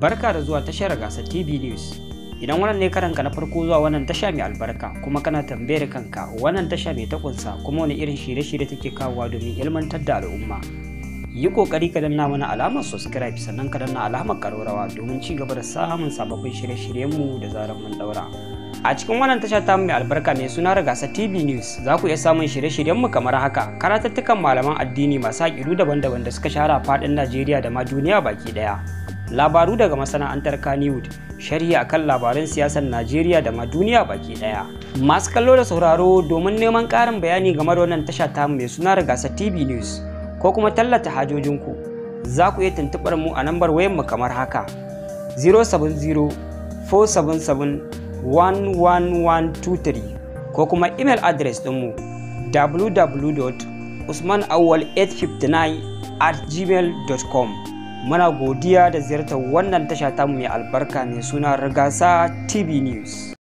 Barka da zuwa tashar Gasa TV News. Idan wannan ne karanka na farko zuwa wannan tasha mai albarka kuma kana tambayar kanka wannan tasha mai takunsa kuma wani irin shirye-shirye take kawowa domin ilmantar da al'umma. Yi kokari ka danna mana alamar subscribe sannan ka danna alamar karorawa domin ci gaba da samun sababbin shirye-shiryenmu da zarar mun daura. A cikin wannan tasha ta mai albarka mai suna Ragasa TV News za ku iya samun shirye-shiryenmu kamar haka karatattukan malaman addini masu haƙiru daban-daban da suka shara faɗin Najeriya da ma duniya baki ɗaya. labaru daga masana'antar Kannywood, sharhi akan labaran siyasar Najeriya da ma duniya baki daya. Masu kallo da sauraro domin neman karin bayani game da wannan tasha ta mai suna Rigasa TV News ko kuma tallata hajojinku, za ku iya tuntuɓar mu a nambar wayan mu kamar haka: 070 477 11123 ko kuma email address mu www.usmanawal859 at gmail.com muna godiya da ziyartar wannan tasha tamu mai albarka mai suna rigasa tv news